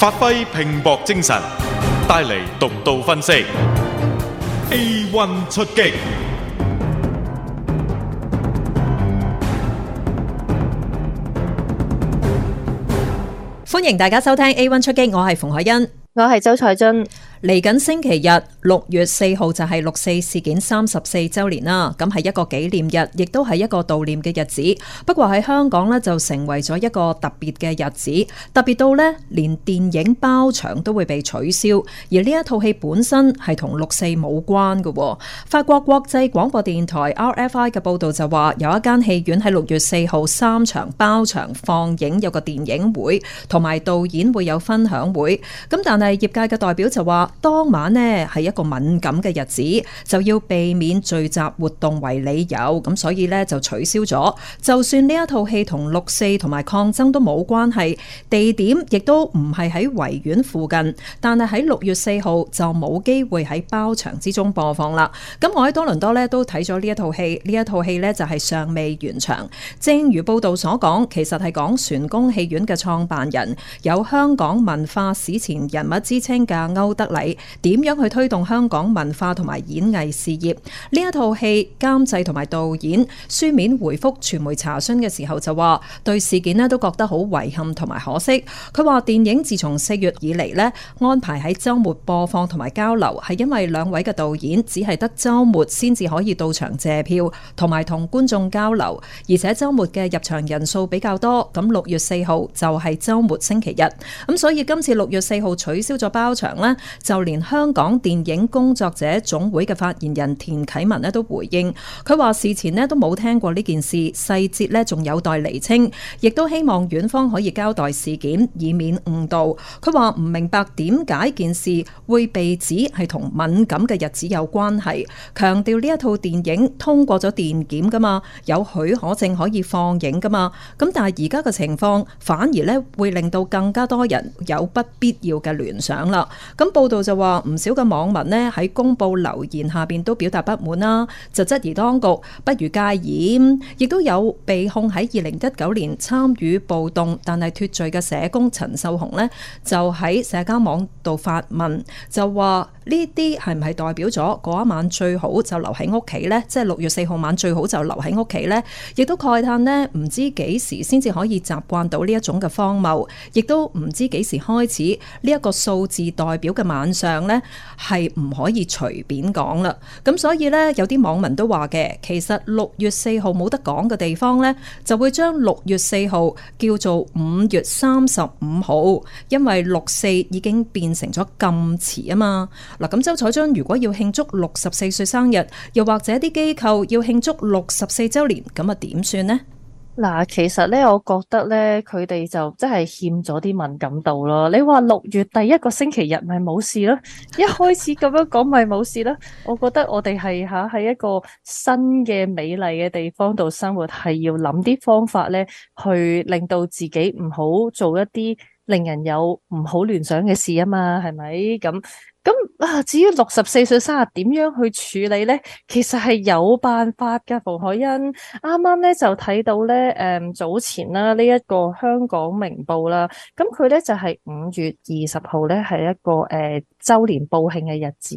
發揮拼搏精神，帶嚟獨到分析。A one 出擊，歡迎大家收聽 A one 出擊，我係馮海恩，我係周彩俊，嚟緊星期日。六月四號就係六四事件三十四週年啦，咁係一個紀念日，亦都係一個悼念嘅日子。不過喺香港呢，就成為咗一個特別嘅日子，特別到呢，連電影包場都會被取消。而呢一套戲本身係同六四冇關嘅。法國國際廣播電台 RFI 嘅報導就話，有一間戲院喺六月四號三場包場放映，有個電影會，同埋導演會有分享會。咁但係業界嘅代表就話，當晚呢，一一個敏感嘅日子就要避免聚集活動為理由，咁所以呢，就取消咗。就算呢一套戲同六四同埋抗爭都冇關係，地點亦都唔係喺維園附近，但係喺六月四號就冇機會喺包場之中播放啦。咁我喺多倫多呢都睇咗呢一套戲，呢一套戲呢就係尚未完場。正如報道所講，其實係講璇宮戲院嘅創辦人，有香港文化史前人物之稱嘅歐德禮，點樣去推動。香港文化同埋演藝事業呢，一套戲監製同埋導演書面回覆傳媒查詢嘅時候就話對事件咧，都覺得好遺憾同埋可惜。佢話電影自從四月以嚟咧，安排喺周末播放同埋交流，係因為兩位嘅導演只係得周末先至可以到場借票同埋同觀眾交流，而且周末嘅入場人數比較多。咁六月四號就係周末星期日，咁所以今次六月四號取消咗包場咧，就連香港電影、影工作者總會嘅發言人田啟文咧都回應，佢話事前咧都冇聽過呢件事，細節咧仲有待釐清，亦都希望院方可以交代事件，以免誤導。佢話唔明白點解件事會被指係同敏感嘅日子有關係，強調呢一套電影通過咗電檢噶嘛，有許可證可以放映噶嘛，咁但係而家嘅情況反而咧會令到更加多人有不必要嘅聯想啦。咁報道就話唔少嘅網民。呢喺公佈留言下面都表達不滿啦，就質疑當局不如戒嚴，亦都有被控喺二零一九年參與暴動但係脫罪嘅社工陳秀紅呢，就喺社交網度發問，就話呢啲係唔係代表咗嗰一晚最好就留喺屋企呢？即係六月四號晚最好就留喺屋企呢？亦都慨嘆呢，唔知幾時先至可以習慣到呢一種嘅荒謬，亦都唔知幾時開始呢一個數字代表嘅晚上呢，係。唔可以隨便講啦，咁所以呢有啲網民都話嘅，其實六月四號冇得講嘅地方呢，就會將六月四號叫做五月三十五號，因為六四已經變成咗禁詞啊嘛。嗱，咁周彩章如果要慶祝六十四歲生日，又或者啲機構要慶祝六十四週年，咁啊點算呢？嗱，其實咧，我覺得咧，佢哋就真係欠咗啲敏感度咯。你話六月第一個星期日咪冇事咯，一開始咁樣講咪冇事咯。我覺得我哋係嚇喺一個新嘅美麗嘅地方度生活，係要諗啲方法咧，去令到自己唔好做一啲令人有唔好聯想嘅事啊嘛，係咪咁？咁啊，至於六十四歲生日點樣去處理咧，其實係有辦法嘅。馮海欣啱啱咧就睇到咧，誒早前啦呢一個香港明報啦，咁佢咧就係五月二十號咧係一個誒周年報慶嘅日子。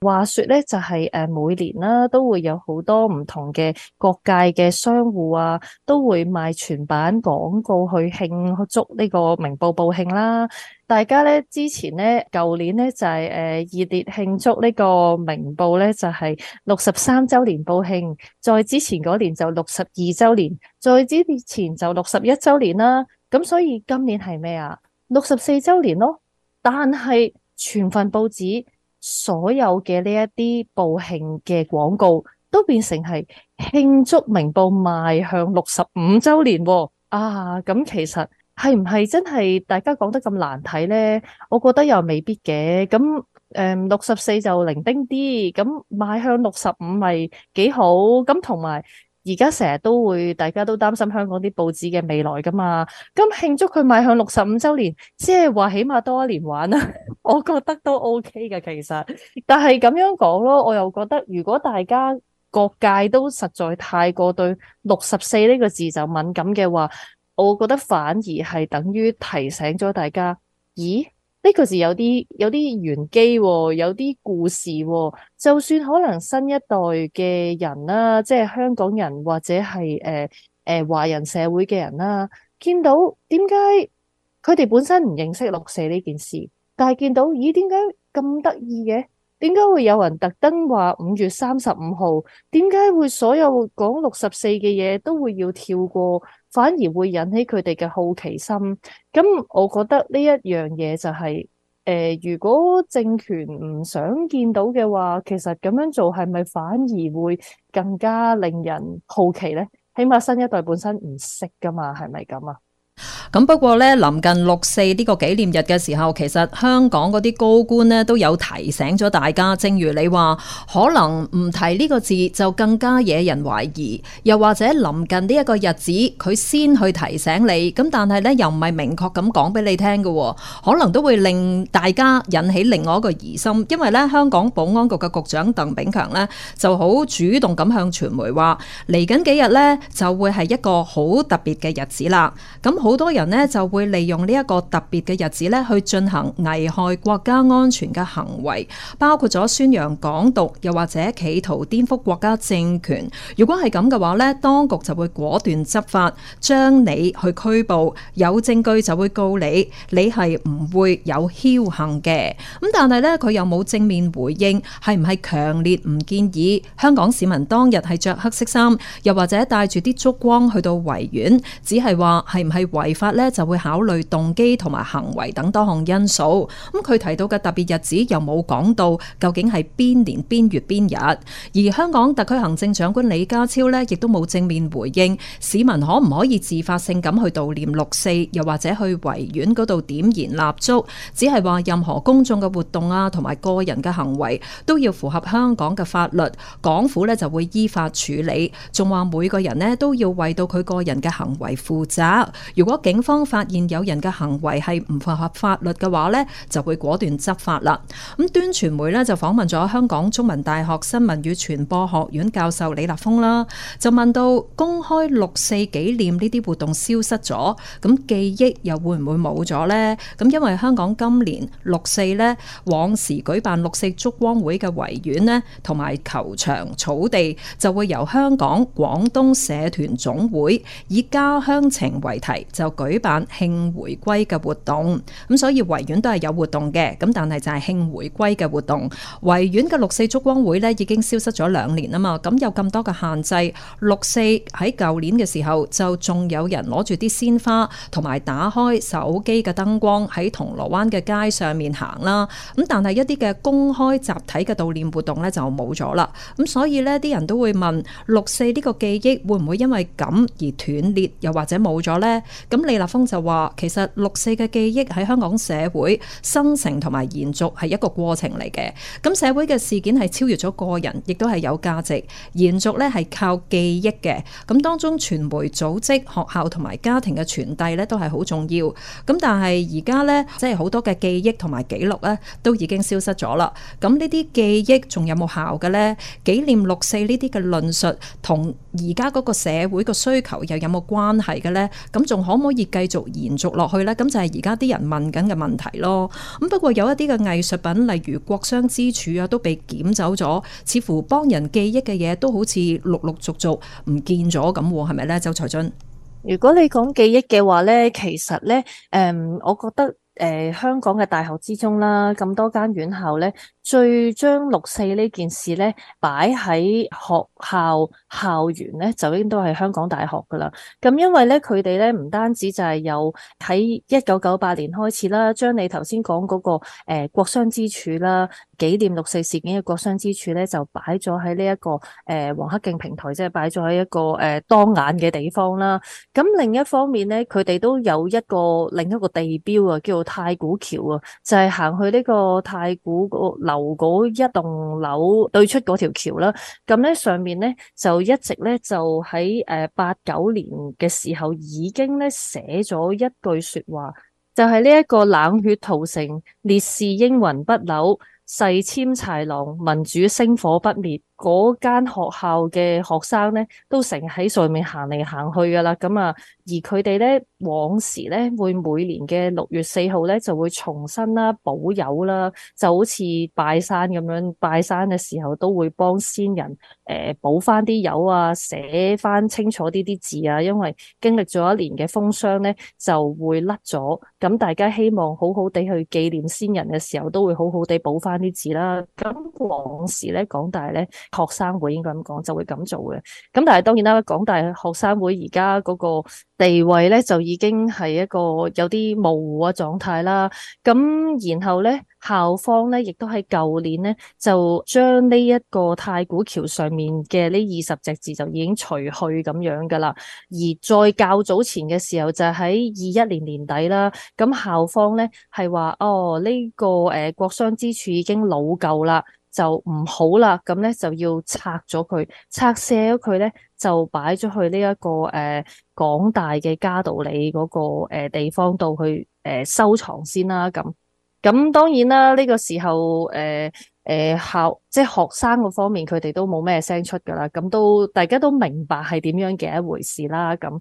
話說咧就係誒每年啦都會有好多唔同嘅各界嘅商戶啊，都會賣全版廣告去慶去祝呢個明報報慶啦。大家咧之前咧，舊年咧就係誒熱烈慶祝呢個明報咧就係六十三周年報慶，再之前嗰年就六十二周年，再之前就六十一周年啦。咁所以今年係咩啊？六十四周年咯。但係全份報紙所有嘅呢一啲報慶嘅廣告都變成係慶祝明報邁向六十五周年。啊，咁其實。係唔係真係大家講得咁難睇呢？我覺得又未必嘅。咁誒，六十四就零丁啲，咁買向六十五咪幾好。咁同埋而家成日都會，大家都擔心香港啲報紙嘅未來噶嘛。咁慶祝佢買向六十五周年，即係話起碼多一年玩啦。我覺得都 OK 嘅，其實。但係咁樣講咯，我又覺得如果大家各界都實在太過對六十四呢個字就敏感嘅話，我覺得反而係等於提醒咗大家，咦？呢、這個字有啲有啲玄機，有啲、喎、故事、喎。就算可能新一代嘅人啦、啊，即係香港人或者係誒誒華人社會嘅人啦、啊，見到點解佢哋本身唔認識六四呢件事，但係見到咦，點解咁得意嘅？點解會有人特登話五月三十五號？點解會所有講六十四嘅嘢都會要跳過，反而會引起佢哋嘅好奇心？咁我覺得呢一樣嘢就係誒，如果政權唔想見到嘅話，其實咁樣做係咪反而會更加令人好奇咧？起碼新一代本身唔識噶嘛，係咪咁啊？咁不過咧，臨近六四呢個紀念日嘅時候，其實香港嗰啲高官呢都有提醒咗大家。正如你話，可能唔提呢個字就更加惹人懷疑，又或者臨近呢一個日子，佢先去提醒你。咁但係呢又唔係明確咁講俾你聽嘅，可能都會令大家引起另外一個疑心。因為呢香港保安局嘅局長鄧炳強呢就好主動咁向傳媒話，嚟緊幾日呢，就會係一個好特別嘅日子啦。咁好多人呢，就會利用呢一個特別嘅日子呢，去進行危害國家安全嘅行為，包括咗宣揚港獨，又或者企圖顛覆國家政權。如果係咁嘅話呢，當局就會果斷執法，將你去拘捕，有證據就會告你，你係唔會有僥倖嘅。咁但係呢，佢又冇正面回應，係唔係強烈唔建議香港市民當日係着黑色衫，又或者帶住啲燭光去到維園，只係話，係唔係違法呢，就會考慮動機同埋行為等多項因素。咁佢提到嘅特別日子又冇講到究竟係邊年邊月邊日。而香港特區行政長官李家超呢，亦都冇正面回應市民可唔可以自發性咁去悼念六四，又或者去維園嗰度點燃蠟燭，只係話任何公眾嘅活動啊，同埋個人嘅行為都要符合香港嘅法律，港府呢就會依法處理，仲話每個人呢都要為到佢個人嘅行為負責。如果警方發現有人嘅行為係唔符合法律嘅話呢，就會果斷執法啦。咁端傳媒呢就訪問咗香港中文大學新聞與傳播學院教授李立峯啦，就問到公開六四紀念呢啲活動消失咗，咁記憶又會唔會冇咗呢？咁因為香港今年六四呢，往時舉辦六四燭光會嘅維園呢，同埋球場草地就會由香港廣東社團總會以家鄉情為題，就舉辦慶回歸嘅活動，咁所以維園都係有活動嘅，咁但係就係慶回歸嘅活動。維園嘅六四燭光會咧已經消失咗兩年啊嘛，咁有咁多嘅限制。六四喺舊年嘅時候就仲有人攞住啲鮮花同埋打開手機嘅燈光喺銅鑼灣嘅街上面行啦，咁但係一啲嘅公開集體嘅悼念活動呢，就冇咗啦。咁所以呢，啲人都會問六四呢個記憶會唔會因為咁而斷裂，又或者冇咗呢？咁李立峰就話：其實六四嘅記憶喺香港社會生成同埋延續係一個過程嚟嘅。咁社會嘅事件係超越咗個人，亦都係有價值。延續咧係靠記憶嘅。咁當中傳媒、組織、學校同埋家庭嘅傳遞咧都係好重要。咁但係而家咧，即係好多嘅記憶同埋記錄咧，都已經消失咗啦。咁呢啲記憶仲有冇效嘅咧？紀念六四呢啲嘅論述同而家嗰個社會嘅需求又有冇關係嘅咧？咁仲可？可唔可以繼續延續落去呢？咁就係而家啲人問緊嘅問題咯。咁不過有一啲嘅藝術品，例如國殤之柱啊，都被撿走咗。似乎幫人記憶嘅嘢都好似陸陸續續唔見咗咁，係咪呢？周才俊，如果你講記憶嘅話呢，其實呢，誒，我覺得。誒、呃、香港嘅大學之中啦，咁多間院校咧，最將六四呢件事咧擺喺學校校園咧，就應該係香港大學噶啦。咁因為咧，佢哋咧唔單止就係有喺一九九八年開始啦，將你頭先講嗰個誒、呃、國商之處啦。紀念六四事件嘅國殤之柱咧，就擺咗喺呢一個誒黃克競平台，即係擺咗喺一個誒當眼嘅地方啦。咁另一方面咧，佢哋都有一個另一個地標啊，叫做太古橋啊，就係行去呢個太古個樓嗰一棟樓對出嗰條橋啦。咁咧上面咧就一直咧就喺誒八九年嘅時候已經咧寫咗一句說話，就係呢一個冷血屠城，烈士英魂不朽。誓殲豺狼，民主星火不滅。嗰間學校嘅學生咧，都成日喺上面行嚟行去噶啦。咁啊，而佢哋咧往時咧會每年嘅六月四號咧就會重新啦補油啦，就好似拜山咁樣。拜山嘅時候都會幫先人誒、呃、補翻啲油啊，寫翻清楚啲啲字啊。因為經歷咗一年嘅風霜咧，就會甩咗。咁大家希望好好地去紀念先人嘅時候，都會好好地補翻啲字啦。咁往時咧，講大咧。學生會應該咁講就會咁做嘅，咁但係當然啦，港大學生會而家嗰個地位咧就已經係一個有啲模糊嘅狀態啦。咁然後咧，校方咧亦都喺舊年咧就將呢一個太古橋上面嘅呢二十隻字就已經除去咁樣噶啦。而再較早前嘅時候就喺二一年年底啦，咁校方咧係話哦呢、這個誒國殤之柱已經老舊啦。就唔好啦，咁咧就要拆咗佢，拆卸咗佢咧就擺咗去呢、這、一個誒港、呃、大嘅嘉道理嗰個地方度去、呃、收藏先啦。咁咁當然啦，呢、這個時候誒誒、呃、校即係學生嗰方面，佢哋都冇咩聲出噶啦。咁都大家都明白係點樣嘅一回事啦。咁。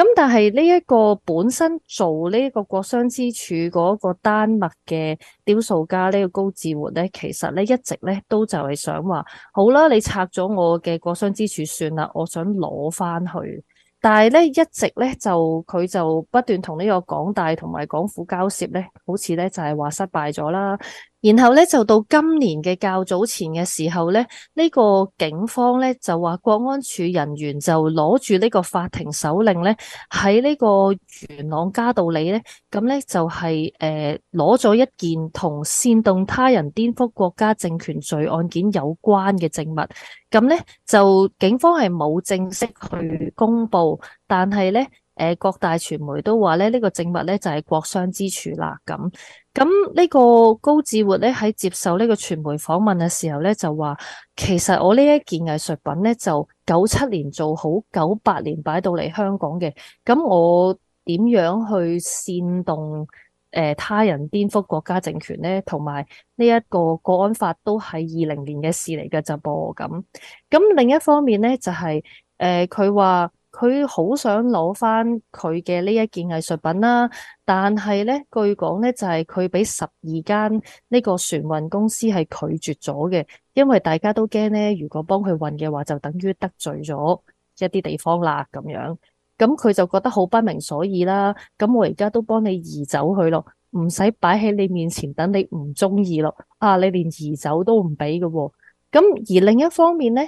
咁但係呢一個本身做呢個國殤之柱嗰個丹麥嘅雕塑家呢個高志活咧，其實咧一直咧都就係想話，好啦，你拆咗我嘅國殤之柱算啦，我想攞翻去，但係咧一直咧就佢就不斷同呢個港大同埋港府交涉咧，好似咧就係、是、話失敗咗啦。然後咧就到今年嘅較早前嘅時候咧，呢個警方咧就話國安處人員就攞住呢個法庭手令咧喺呢個元朗加道里咧，咁咧就係誒攞咗一件同煽動他人顛覆國家政權罪案件有關嘅證物，咁咧就警方係冇正式去公布，但係咧。誒各大傳媒都話咧，呢個證物咧就係國商之處國殤之柱啦。咁咁呢個高志活咧喺接受呢個傳媒訪問嘅時候咧，就話其實我呢一件藝術品咧就九七年做好，九八年擺到嚟香港嘅。咁我點樣去煽動誒他人顛覆國家政權咧？同埋呢一個國安法都係二零年嘅事嚟嘅就噃。咁咁另一方面咧就係誒佢話，呃佢好想攞翻佢嘅呢一件藝術品啦，但係呢，據講呢就係佢俾十二間呢個船運公司係拒絕咗嘅，因為大家都驚呢，如果幫佢運嘅話，就等於得罪咗一啲地方啦咁樣。咁佢就覺得好不明所以啦。咁我而家都幫你移走佢咯，唔使擺喺你面前等你唔中意咯。啊，你連移走都唔俾嘅喎。咁而另一方面呢。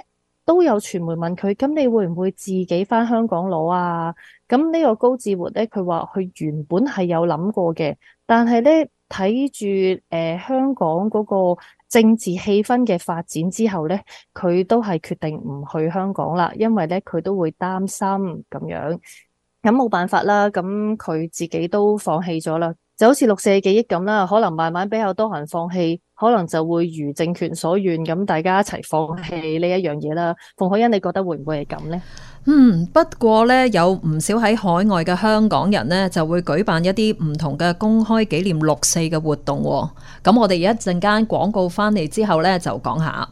都有傳媒問佢，咁你會唔會自己返香港攞啊？咁呢個高志活咧，佢話佢原本係有諗過嘅，但係咧睇住誒香港嗰個政治氣氛嘅發展之後咧，佢都係決定唔去香港啦，因為咧佢都會擔心咁樣，咁冇辦法啦，咁佢自己都放棄咗啦。就好似六四嘅記憶咁啦，可能慢慢比較多人放棄，可能就會如政權所願咁，大家一齊放棄呢一樣嘢啦。馮海欣，你覺得會唔會係咁呢？嗯，不過咧，有唔少喺海外嘅香港人咧，就會舉辦一啲唔同嘅公開紀念六四嘅活動。咁我哋一陣間廣告翻嚟之後咧，就講下。